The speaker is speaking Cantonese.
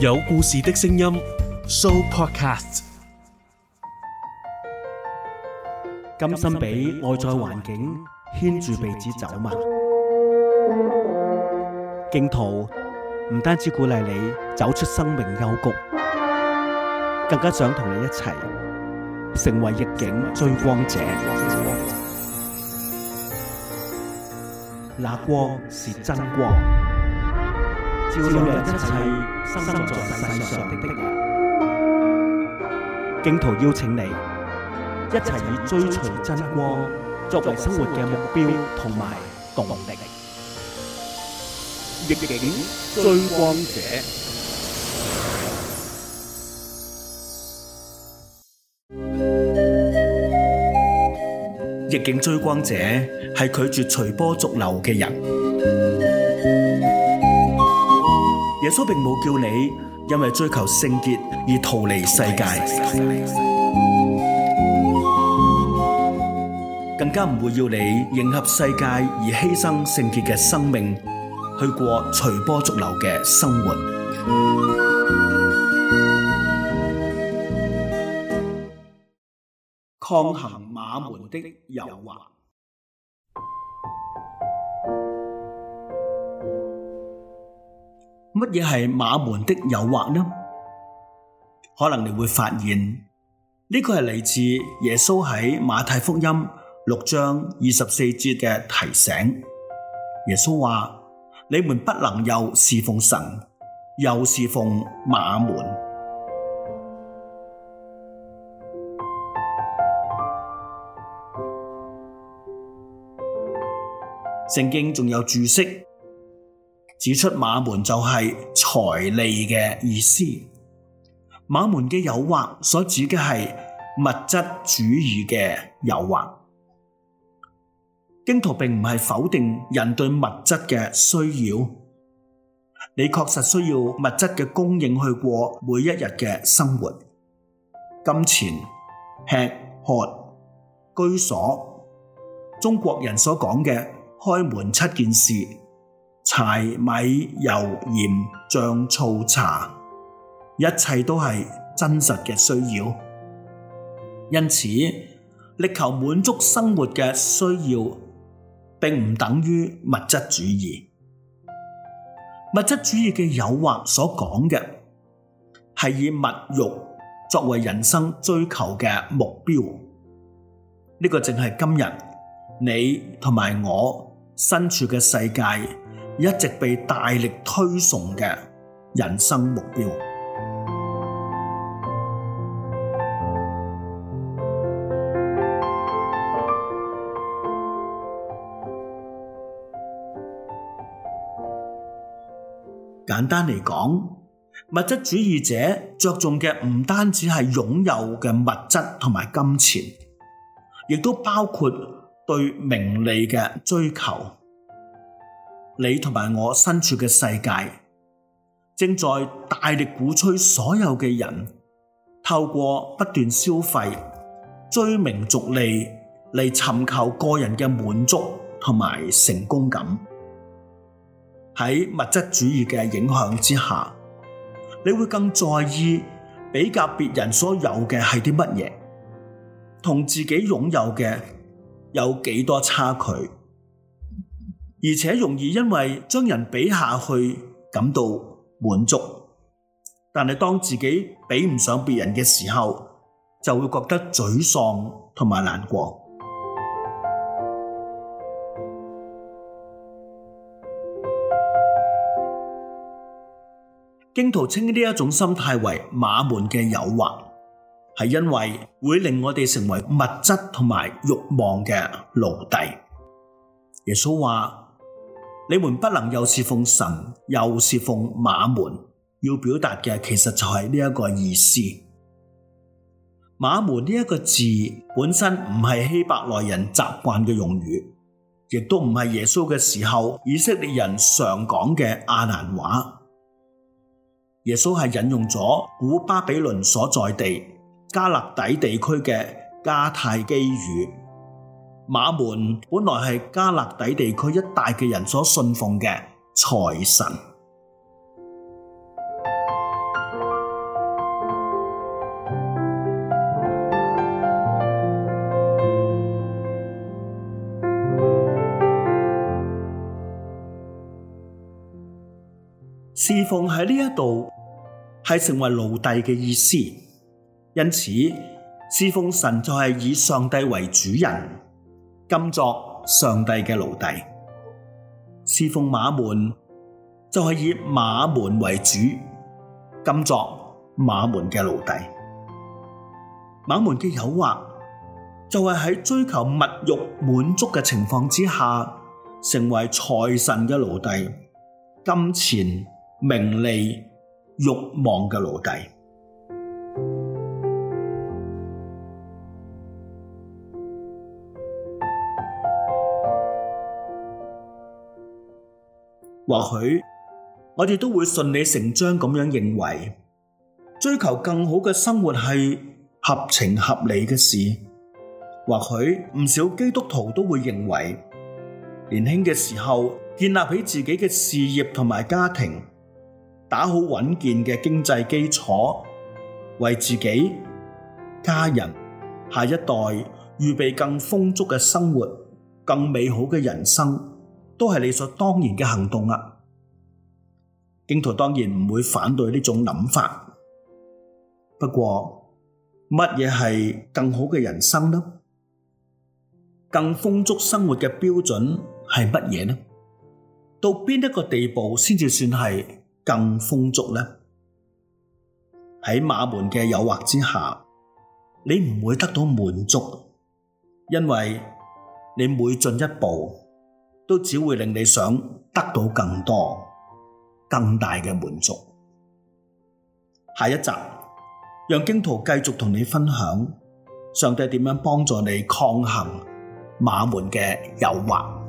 有故事的聲音，So Podcast。甘心俾外在環境牽住鼻子走嘛？荊徒唔單止鼓勵你走出生命幽谷，更加想同你一齊成為逆境追光者。那光是真光。照亮一切生在世上的的人，荊徒邀請你一齊以追隨真光作為生活嘅目標同埋動力。逆境追光者，逆境追光者係拒絕隨波逐流嘅人。耶穌並冇叫你因為追求聖潔而逃離世界，更加唔會要你迎合世界而犧牲聖潔嘅生命，去過隨波逐流嘅生活，抗衡馬門的誘惑。乜嘢係馬門的誘惑呢？可能你會發現呢個係嚟自耶穌喺馬太福音六章二十四節嘅提醒。耶穌話：你們不能又侍奉神，又侍奉馬門。聖經仲有註釋。指出瑪門就係財利嘅意思，瑪門嘅誘惑所指嘅係物質主義嘅誘惑。荊徒並唔係否定人對物質嘅需要，你確實需要物質嘅供應去過每一日嘅生活，金錢、吃、喝、居所，中國人所講嘅開門七件事。柴米油鹽醬醋茶，一切都係真實嘅需要，因此力求滿足生活嘅需要，並唔等於物質主義。物質主義嘅誘惑所講嘅，係以物慾作為人生追求嘅目標。呢個正係今日你同埋我身處嘅世界，一直被大力推崇嘅人生目標。簡單嚟講，物質主義者着重嘅唔單止係擁有嘅物質同埋金錢，亦都包括對名利嘅追求。你同埋我身處嘅世界，正在大力鼓吹所有嘅人透過不斷消費、追名逐利嚟尋求個人嘅滿足同埋成功感。喺物質主義嘅影響之下，你會更在意比較別人所有嘅係啲乜嘢，同自己擁有嘅有幾多差距。而且容易因為將人比下去感到滿足，但係當自己比唔上別人嘅時候，就會覺得沮喪同埋難過。荊徒稱呢一種心態為瑪門嘅誘惑，係因為會令我哋成為物質同埋慾望嘅奴隸。耶穌話：你們不能又侍奉神，又侍奉馬門，要表達嘅其實就係呢一個意思。馬門呢一個字本身唔係希伯來人習慣嘅用語，亦都唔係耶穌嘅時候以色列人常講嘅阿蘭話。耶穌係引用咗古巴比倫所在地加勒底地區嘅加泰基語。瑪門本來係加勒底地區一帶嘅人所信奉嘅財神，侍奉喺呢一度係成為奴隸嘅意思，因此侍奉神就係以上帝為主人。甘作上帝嘅奴隸，侍奉瑪門就係以，以瑪門為主，甘作瑪門嘅奴隸。瑪門嘅誘惑就係喺追求物欲滿足嘅情況之下，成為財神嘅奴隸、金錢名利慾望嘅奴隸。或許我哋都會順理成章咁樣認為，追求更好嘅生活係合情合理嘅事。或許唔少基督徒都會認為，年輕嘅時候建立起自己嘅事業同埋家庭，打好穩健嘅經濟基礎，為自己、家人、下一代預備更豐足嘅生活、更美好嘅人生。都係理所當然嘅行動啊！荊徒當然唔會反對呢種諗法。不過，乜嘢係更好嘅人生呢？更豐足生活嘅標準係乜嘢呢？到邊一個地步先至算係更豐足呢？喺瑪門嘅誘惑之下，你唔會得到滿足，因為你每進一步。都只會令你想得到更多、更大嘅滿足。下一集，讓荊徒繼續同你分享上帝點樣幫助你抗衡馬門嘅誘惑。